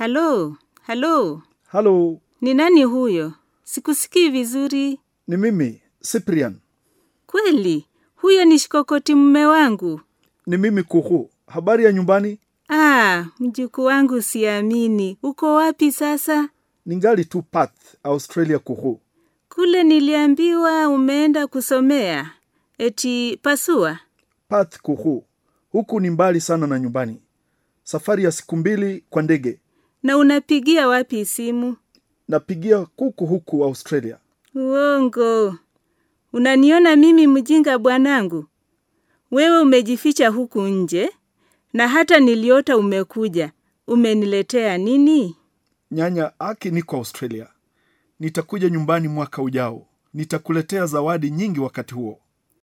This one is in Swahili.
Halo, halo. Halo. Ni nani huyo? Sikusikii vizuri. Ni mimi, Cyprian. Kweli, huyo ni Shikokoti mume wangu. Ni mimi Kuhu. Habari ya nyumbani? Ah, mjukuu wangu siamini. Uko wapi sasa? Ningali tu Perth, Australia Kuhu. Kule niliambiwa umeenda kusomea. Eti pasua? Perth Kuhu. Huku ni mbali sana na nyumbani. Safari ya siku mbili kwa ndege. Na unapigia wapi simu? Napigia kuku huku Australia. Uongo. Unaniona mimi mjinga bwanangu? Wewe umejificha huku nje na hata niliota umekuja. Umeniletea nini? Nyanya Aki niko Australia. Nitakuja nyumbani mwaka ujao. Nitakuletea zawadi nyingi wakati huo.